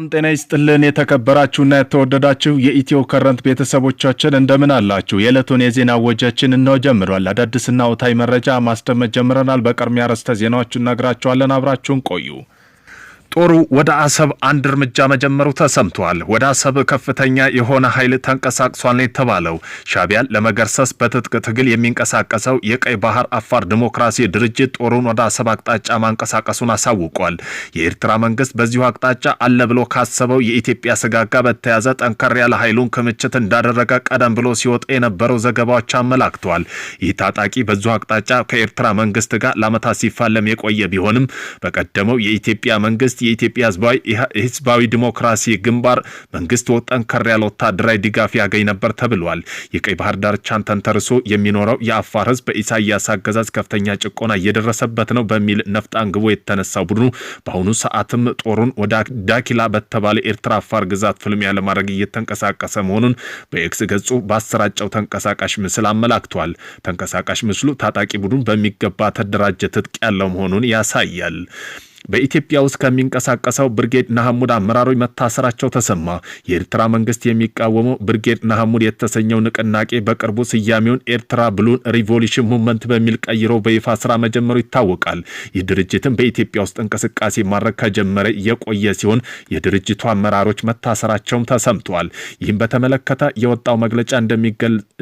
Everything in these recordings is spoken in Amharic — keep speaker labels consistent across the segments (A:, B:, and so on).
A: ም ጤና ይስጥልን የተከበራችሁና የተወደዳችሁ የኢትዮ ከረንት ቤተሰቦቻችን እንደምን አላችሁ? የዕለቱን የዜና ወጃችን እነሆ ጀምሯል። አዳዲስና ወቅታዊ መረጃ ማስደመጥ ጀምረናል። በቅድሚያ ርዕሰ ዜናዎችን ነግራችኋለን። አብራችሁን ቆዩ።
B: ጦሩ ወደ አሰብ አንድ እርምጃ መጀመሩ ተሰምቷል። ወደ አሰብ ከፍተኛ የሆነ ኃይል ተንቀሳቅሷል የተባለው። ሻቢያን ለመገርሰስ በትጥቅ ትግል የሚንቀሳቀሰው የቀይ ባህር አፋር ዲሞክራሲ ድርጅት ጦሩን ወደ አሰብ አቅጣጫ ማንቀሳቀሱን አሳውቋል። የኤርትራ መንግስት በዚሁ አቅጣጫ አለ ብሎ ካሰበው የኢትዮጵያ ስጋጋ በተያዘ ጠንከር ያለ ኃይሉን ክምችት እንዳደረገ ቀደም ብሎ ሲወጣ የነበረው ዘገባዎች አመላክተዋል። ይህ ታጣቂ በዚሁ አቅጣጫ ከኤርትራ መንግስት ጋር ለዓመታት ሲፋለም የቆየ ቢሆንም በቀደመው የኢትዮጵያ መንግስት የኢትዮጵያ ህዝባዊ ዲሞክራሲ ግንባር መንግስት ጠንከር ያለ ወታደራዊ ድጋፍ ያገኝ ነበር ተብሏል። የቀይ ባህር ዳርቻን ተንተርሶ የሚኖረው የአፋር ህዝብ በኢሳያስ አገዛዝ ከፍተኛ ጭቆና እየደረሰበት ነው በሚል ነፍጥ አንግቦ የተነሳው ቡድኑ በአሁኑ ሰዓትም ጦሩን ወደ ዳኪላ በተባለ ኤርትራ አፋር ግዛት ፍልሚያ ለማድረግ እየተንቀሳቀሰ መሆኑን በኤክስ ገጹ ባሰራጨው ተንቀሳቃሽ ምስል አመላክቷል። ተንቀሳቃሽ ምስሉ ታጣቂ ቡድን በሚገባ ተደራጀ ትጥቅ ያለው መሆኑን ያሳያል። በኢትዮጵያ ውስጥ ከሚንቀሳቀሰው ብርጌድ ናሐሙድ አመራሮች መታሰራቸው ተሰማ። የኤርትራ መንግስት የሚቃወመው ብርጌድ ናሐሙድ የተሰኘው ንቅናቄ በቅርቡ ስያሜውን ኤርትራ ብሉን ሪቮሉሽን ሙቭመንት በሚል ቀይሮ በይፋ ስራ መጀመሩ ይታወቃል። ይህ ድርጅትም በኢትዮጵያ ውስጥ እንቅስቃሴ ማድረግ ከጀመረ የቆየ ሲሆን የድርጅቱ አመራሮች መታሰራቸውም ተሰምተዋል። ይህም በተመለከተ የወጣው መግለጫ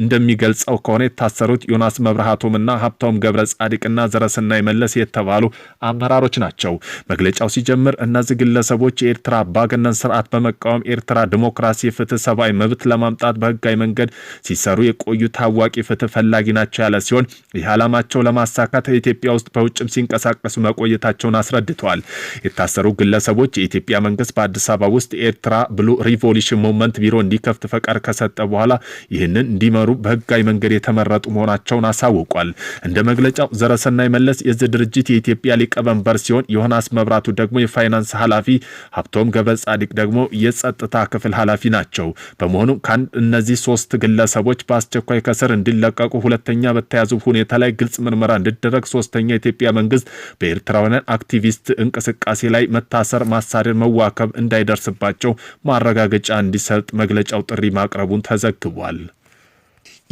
B: እንደሚገልጸው ከሆነ የታሰሩት ዮናስ መብርሃቱምና ሀብታውም ገብረ ጻድቅና ዘረስናይ መለስ የተባሉ አመራሮች ናቸው። መግለጫው ሲጀምር እነዚህ ግለሰቦች የኤርትራ አምባገነን ስርዓት በመቃወም ኤርትራ ዲሞክራሲ፣ ፍትህ፣ ሰብአዊ መብት ለማምጣት በህጋዊ መንገድ ሲሰሩ የቆዩ ታዋቂ ፍትህ ፈላጊ ናቸው ያለ ሲሆን ይህ ዓላማቸው ለማሳካት ኢትዮጵያ ውስጥ በውጭም ሲንቀሳቀሱ መቆየታቸውን አስረድተዋል። የታሰሩ ግለሰቦች የኢትዮጵያ መንግስት በአዲስ አበባ ውስጥ ኤርትራ ብሉ ሪቮሉሽን ሞመንት ቢሮ እንዲከፍት ፈቃድ ከሰጠ በኋላ ይህንን እንዲመሩ በህጋዊ መንገድ የተመረጡ መሆናቸውን አሳውቋል። እንደ መግለጫው ዘረሰናይ መለስ የዚህ ድርጅት የኢትዮጵያ ሊቀመንበር ሲሆን የሆነ ዮናስ መብራቱ ደግሞ የፋይናንስ ኃላፊ፣ ሀብቶም ገበ ጻዲቅ ደግሞ የጸጥታ ክፍል ኃላፊ ናቸው። በመሆኑ እነዚህ ሶስት ግለሰቦች በአስቸኳይ ከስር እንዲለቀቁ፣ ሁለተኛ በተያዙ ሁኔታ ላይ ግልጽ ምርመራ እንዲደረግ፣ ሶስተኛ የኢትዮጵያ መንግስት በኤርትራውያን አክቲቪስት እንቅስቃሴ ላይ መታሰር፣ ማሳደድ፣ መዋከብ እንዳይደርስባቸው ማረጋገጫ እንዲሰጥ መግለጫው ጥሪ ማቅረቡን ተዘግቧል።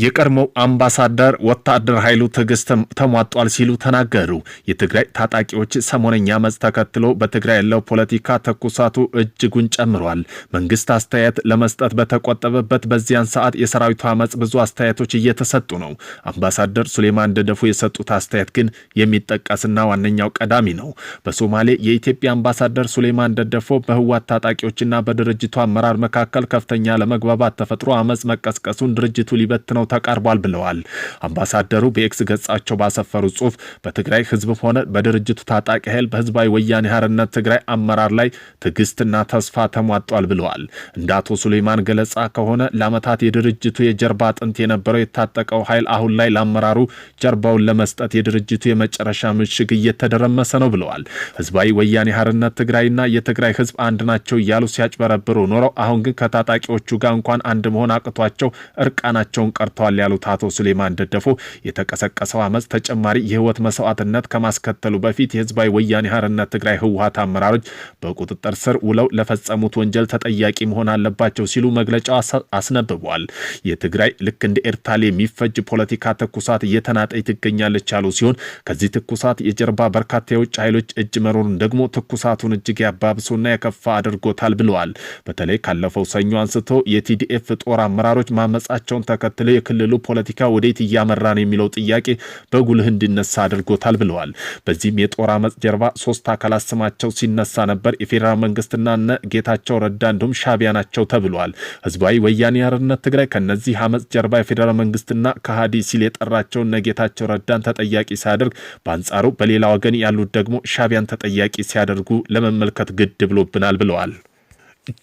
B: የቀድሞው አምባሳደር ወታደር ኃይሉ ትዕግስት ተሟጧል ሲሉ ተናገሩ። የትግራይ ታጣቂዎች ሰሞነኛ መጽ ተከትሎ በትግራይ ያለው ፖለቲካ ተኩሳቱ እጅጉን ጨምሯል። መንግስት አስተያየት ለመስጠት በተቆጠበበት በዚያን ሰዓት የሰራዊቱ አመፅ ብዙ አስተያየቶች እየተሰጡ ነው። አምባሳደር ሱሌማን ደደፉ የሰጡት አስተያየት ግን የሚጠቀስና ዋነኛው ቀዳሚ ነው። በሶማሌ የኢትዮጵያ አምባሳደር ሱሌማን ደደፎ በህዋት ታጣቂዎችና በድርጅቱ አመራር መካከል ከፍተኛ ለመግባባት ተፈጥሮ አመፅ መቀስቀሱን ድርጅቱ ሊበት ነው ሆኖ ተቃርቧል ብለዋል። አምባሳደሩ በኤክስ ገጻቸው ባሰፈሩ ጽሁፍ በትግራይ ህዝብም ሆነ በድርጅቱ ታጣቂ ኃይል በህዝባዊ ወያኔ ሀርነት ትግራይ አመራር ላይ ትዕግስትና ተስፋ ተሟጧል ብለዋል። እንደ አቶ ሱሌማን ገለጻ ከሆነ ለዓመታት የድርጅቱ የጀርባ አጥንት የነበረው የታጠቀው ኃይል አሁን ላይ ለአመራሩ ጀርባውን ለመስጠት የድርጅቱ የመጨረሻ ምሽግ እየተደረመሰ ነው ብለዋል። ህዝባዊ ወያኔ ሀርነት ትግራይና የትግራይ ህዝብ አንድ ናቸው እያሉ ሲያጭበረብሩ ኖረው አሁን ግን ከታጣቂዎቹ ጋር እንኳን አንድ መሆን አቅቷቸው እርቃናቸውን ቀርቶ ተሰጥተዋል ያሉት አቶ ሱሌማን ደደፎ የተቀሰቀሰው አመፅ ተጨማሪ የህይወት መስዋዕትነት ከማስከተሉ በፊት የህዝባዊ ወያኔ ሀርነት ትግራይ ህወሀት አመራሮች በቁጥጥር ስር ውለው ለፈጸሙት ወንጀል ተጠያቂ መሆን አለባቸው ሲሉ መግለጫው አስነብቧል። የትግራይ ልክ እንደ ኤርታሌ የሚፈጅ ፖለቲካ ትኩሳት እየተናጠ ትገኛለች ያሉ ሲሆን ከዚህ ትኩሳት የጀርባ በርካታ የውጭ ኃይሎች እጅ መኖሩን ደግሞ ትኩሳቱን እጅግ ያባብሶና የከፋ አድርጎታል ብለዋል። በተለይ ካለፈው ሰኞ አንስቶ የቲዲኤፍ ጦር አመራሮች ማመጻቸውን ተከትለው የክልሉ ፖለቲካ ወዴት እያመራ ነው የሚለው ጥያቄ በጉልህ እንዲነሳ አድርጎታል ብለዋል። በዚህም የጦር አመፅ ጀርባ ሶስት አካላት ስማቸው ሲነሳ ነበር። የፌዴራል መንግስትና እነ ጌታቸው ረዳ እንዲሁም ሻቢያ ናቸው ተብለዋል። ህዝባዊ ወያኔ ሓርነት ትግራይ ከነዚህ አመፅ ጀርባ የፌዴራል መንግስትና ከሃዲ ሲል የጠራቸው እነ ጌታቸው ረዳን ተጠያቂ ሲያደርግ፣ በአንጻሩ በሌላ ወገን ያሉት ደግሞ ሻቢያን ተጠያቂ ሲያደርጉ ለመመልከት ግድ ብሎብናል ብለዋል።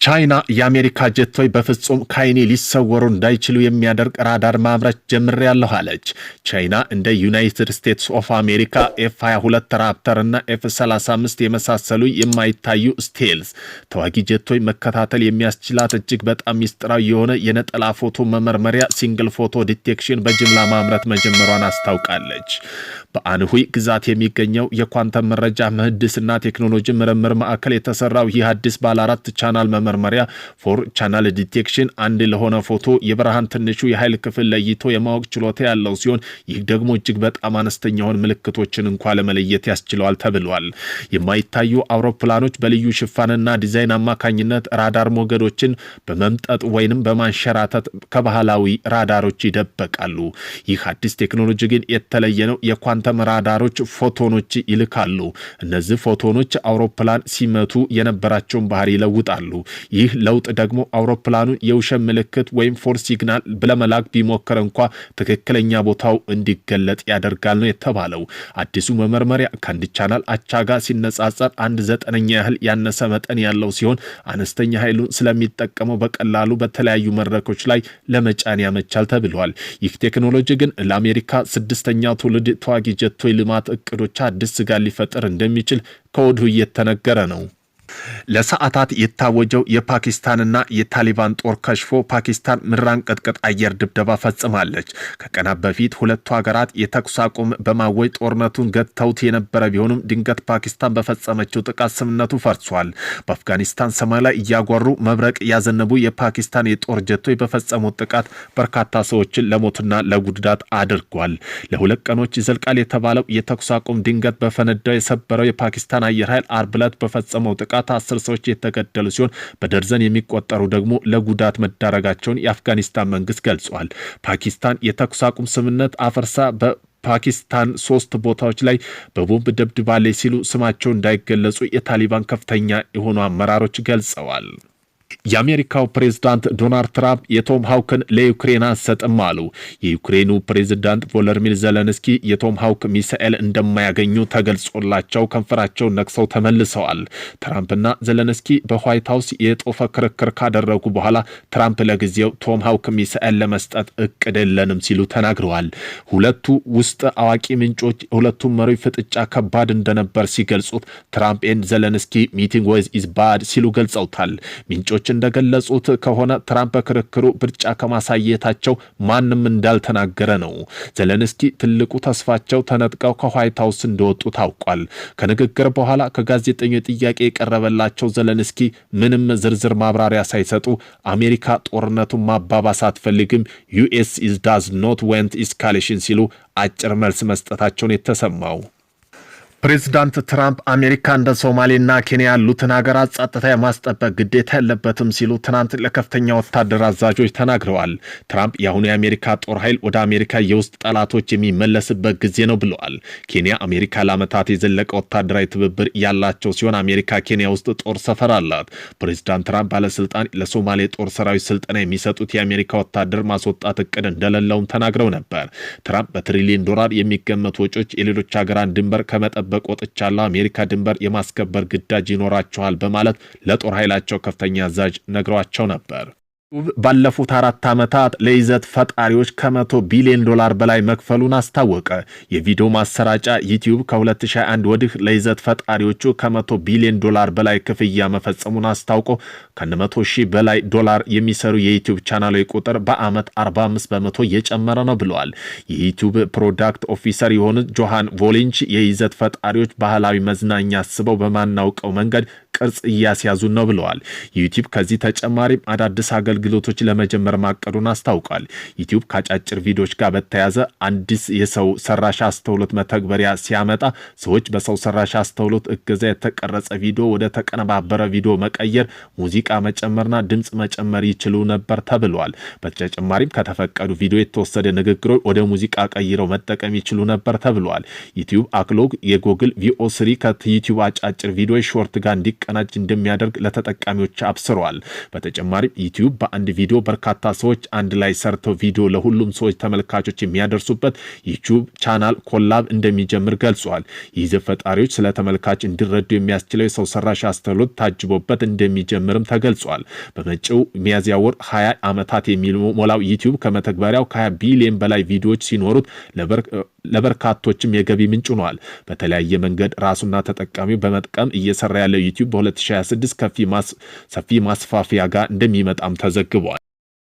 B: ቻይና የአሜሪካ ጀቶች በፍጹም ከአይኔ ሊሰወሩ እንዳይችሉ የሚያደርግ ራዳር ማምረት ጀምሬያለሁ አለች። ቻይና እንደ ዩናይትድ ስቴትስ ኦፍ አሜሪካ ኤፍ 22 ራፕተር እና ኤፍ 35 የመሳሰሉ የማይታዩ ስቴልስ ተዋጊ ጀቶች መከታተል የሚያስችላት እጅግ በጣም ሚስጥራዊ የሆነ የነጠላ ፎቶ መመርመሪያ ሲንግል ፎቶ ዲቴክሽን በጅምላ ማምረት መጀመሯን አስታውቃለች። በአንሁይ ግዛት የሚገኘው የኳንተም መረጃ ምህንድስና ቴክኖሎጂ ምርምር ማዕከል የተሰራው ይህ አዲስ ባለ አራት ቻናል መመርመሪያ ፎር ቻናል ዲቴክሽን አንድ ለሆነ ፎቶ የብርሃን ትንሹ የኃይል ክፍል ለይቶ የማወቅ ችሎታ ያለው ሲሆን ይህ ደግሞ እጅግ በጣም አነስተኛ ምልክቶችን እንኳ ለመለየት ያስችለዋል ተብሏል። የማይታዩ አውሮፕላኖች በልዩ ሽፋንና ዲዛይን አማካኝነት ራዳር ሞገዶችን በመምጠጥ ወይንም በማንሸራተት ከባህላዊ ራዳሮች ይደበቃሉ። ይህ አዲስ ቴክኖሎጂ ግን የተለየ ነው። የኳንተም ራዳሮች ፎቶኖች ይልካሉ። እነዚህ ፎቶኖች አውሮፕላን ሲመቱ የነበራቸውን ባህሪ ይለውጣሉ። ይህ ለውጥ ደግሞ አውሮፕላኑን የውሸት ምልክት ወይም ፎርስ ሲግናል ብለመላክ ቢሞከር እንኳ ትክክለኛ ቦታው እንዲገለጥ ያደርጋል ነው የተባለው። አዲሱ መመርመሪያ ከአንድ ቻናል አቻ ጋር ሲነጻጸር አንድ ዘጠነኛ ያህል ያነሰ መጠን ያለው ሲሆን አነስተኛ ኃይሉን ስለሚጠቀመው በቀላሉ በተለያዩ መድረኮች ላይ ለመጫን ያመቻል ተብሏል። ይህ ቴክኖሎጂ ግን ለአሜሪካ ስድስተኛው ትውልድ ተዋጊ ጀቶ ልማት እቅዶች አዲስ ስጋት ሊፈጥር እንደሚችል ከወዲሁ እየተነገረ ነው። ለሰዓታት የታወጀው የፓኪስታንና የታሊባን ጦር ከሽፎ ፓኪስታን ቅጥቅጥ አየር ድብደባ ፈጽማለች። ከቀናት በፊት ሁለቱ ሀገራት የተኩስ አቁም በማወጅ ጦርነቱን ገጥተውት የነበረ ቢሆንም ድንገት ፓኪስታን በፈጸመችው ጥቃት ስምነቱ ፈርሷል። በአፍጋኒስታን ሰማይ ላይ እያጓሩ መብረቅ ያዘነቡ የፓኪስታን የጦር ጀቶች በፈጸሙት ጥቃት በርካታ ሰዎችን ለሞትና ለጉዳት አድርጓል። ለሁለት ቀኖች ይዘልቃል የተባለው የተኩስ አቁም ድንገት በፈነዳው የሰበረው የፓኪስታን አየር ኃይል አርብ ዕለት በፈጸመው ጥቃት ጥቃት አስር ሰዎች የተገደሉ ሲሆን በደርዘን የሚቆጠሩ ደግሞ ለጉዳት መዳረጋቸውን የአፍጋኒስታን መንግስት ገልጿል። ፓኪስታን የተኩስ አቁም ስምምነት አፈርሳ በ ፓኪስታን ሶስት ቦታዎች ላይ በቦምብ ደብድባለች ሲሉ ስማቸው እንዳይገለጹ የታሊባን ከፍተኛ የሆኑ አመራሮች ገልጸዋል። የአሜሪካው ፕሬዝዳንት ዶናልድ ትራምፕ የቶም ሀውክን ለዩክሬን አንሰጥም አሉ። የዩክሬኑ ፕሬዝዳንት ቮሎዲሚር ዘለንስኪ የቶም ሀውክ ሚሳኤል እንደማያገኙ ተገልጾላቸው ከንፈራቸውን ነክሰው ተመልሰዋል። ትራምፕና ዘለንስኪ በዋይት ሀውስ የጦፈ ክርክር ካደረጉ በኋላ ትራምፕ ለጊዜው ቶም ሀውክ ሚሳኤል ለመስጠት እቅድ የለንም ሲሉ ተናግረዋል። ሁለቱ ውስጥ አዋቂ ምንጮች ሁለቱም መሪ ፍጥጫ ከባድ እንደነበር ሲገልጹት ትራምፕን ዘለንስኪ ሚቲንግ ወይዝ ኢዝ ባድ ሲሉ ገልጸውታል። ምንጮች ምንጮች እንደገለጹት ከሆነ ትራምፕ በክርክሩ ብልጫ ከማሳየታቸው ማንም እንዳልተናገረ ነው። ዘለንስኪ ትልቁ ተስፋቸው ተነጥቀው ከዋይት ሀውስ እንደወጡ ታውቋል። ከንግግር በኋላ ከጋዜጠኞች ጥያቄ የቀረበላቸው ዘለንስኪ ምንም ዝርዝር ማብራሪያ ሳይሰጡ አሜሪካ ጦርነቱን ማባባስ አትፈልግም፣ ዩኤስ ዳዝ ኖት ወንት ኢስካሌሽን ሲሉ አጭር መልስ መስጠታቸውን የተሰማው ፕሬዚዳንት ትራምፕ አሜሪካ እንደ ሶማሌና ኬንያ ያሉትን ሀገራት ጸጥታ የማስጠበቅ ግዴታ የለበትም ሲሉ ትናንት ለከፍተኛ ወታደር አዛዦች ተናግረዋል። ትራምፕ የአሁኑ የአሜሪካ ጦር ኃይል ወደ አሜሪካ የውስጥ ጠላቶች የሚመለስበት ጊዜ ነው ብለዋል። ኬንያ አሜሪካ ለዓመታት የዘለቀ ወታደራዊ ትብብር ያላቸው ሲሆን አሜሪካ ኬንያ ውስጥ ጦር ሰፈር አላት። ፕሬዚዳንት ትራምፕ ባለስልጣን ለሶማሌ ጦር ሰራዊት ስልጠና የሚሰጡት የአሜሪካ ወታደር ማስወጣት እቅድ እንደሌለውም ተናግረው ነበር። ትራምፕ በትሪሊዮን ዶላር የሚገመቱ ወጪዎች የሌሎች ሀገራን ድንበር ከመጠበቅ ከመጠበቅ ወጥቻለሁ። አሜሪካ ድንበር የማስከበር ግዳጅ ይኖራቸዋል በማለት ለጦር ኃይላቸው ከፍተኛ አዛዥ ነግሯቸው ነበር። ዩቱብ ባለፉት አራት ዓመታት ለይዘት ፈጣሪዎች ከመቶ ቢሊዮን ዶላር በላይ መክፈሉን አስታወቀ። የቪዲዮ ማሰራጫ ዩቲዩብ ከ 2021 ወዲህ ለይዘት ፈጣሪዎቹ ከመቶ ቢሊዮን ዶላር በላይ ክፍያ መፈጸሙን አስታውቆ ከ ሺህ በላይ ዶላር የሚሰሩ የዩቲዩብ ቻናሎች ቁጥር በዓመት 45 በመቶ እየጨመረ ነው ብለዋል። የዩቲዩብ ፕሮዳክት ኦፊሰር የሆኑት ጆሃን ቮሊንች የይዘት ፈጣሪዎች ባህላዊ መዝናኛ አስበው በማናውቀው መንገድ ቅርጽ እያስያዙ ነው ብለዋል። ዩቲዩብ ከዚህ ተጨማሪም አዳዲስ አገልግሎቶች ለመጀመር ማቀዱን አስታውቋል። ዩቲዩብ ከአጫጭር ቪዲዮዎች ጋር በተያያዘ አዲስ የሰው ሰራሽ አስተውሎት መተግበሪያ ሲያመጣ ሰዎች በሰው ሰራሽ አስተውሎት እገዛ የተቀረጸ ቪዲዮ ወደ ተቀነባበረ ቪዲዮ መቀየር፣ ሙዚቃ መጨመርና ድምፅ መጨመር ይችሉ ነበር ተብሏል። በተጨማሪም ከተፈቀዱ ቪዲዮ የተወሰደ ንግግሮች ወደ ሙዚቃ ቀይረው መጠቀም ይችሉ ነበር ተብሏል። ዩቲዩብ አክሎግ የጎግል ቪኦ ስሪ ከዩቲዩብ አጫጭር ቪዲዮ ሾርት ጋር እንዲቀ አቀናጅ እንደሚያደርግ ለተጠቃሚዎች አብስረዋል። በተጨማሪም ዩቲዩብ በአንድ ቪዲዮ በርካታ ሰዎች አንድ ላይ ሰርተው ቪዲዮ ለሁሉም ሰዎች ተመልካቾች የሚያደርሱበት ዩቲዩብ ቻናል ኮላብ እንደሚጀምር ገልጿል። ይዘት ፈጣሪዎች ስለ ተመልካች እንዲረዱ የሚያስችለው የሰው ሰራሽ አስተውሎት ታጅቦበት እንደሚጀምርም ተገልጿል። በመጪው ሚያዝያ ወር 20 ዓመታት የሚሞላው ዩቲዩብ ከመተግበሪያው ከ20 ቢሊዮን በላይ ቪዲዮዎች ሲኖሩት ለበርካቶችም የገቢ ምንጭ ሆኗል። በተለያየ መንገድ ራሱና ተጠቃሚው በመጥቀም እየሰራ ያለው ዩቲዩብ በ2026 ሰፊ ማስፋፊያ ጋር እንደሚመጣም ተዘግቧል።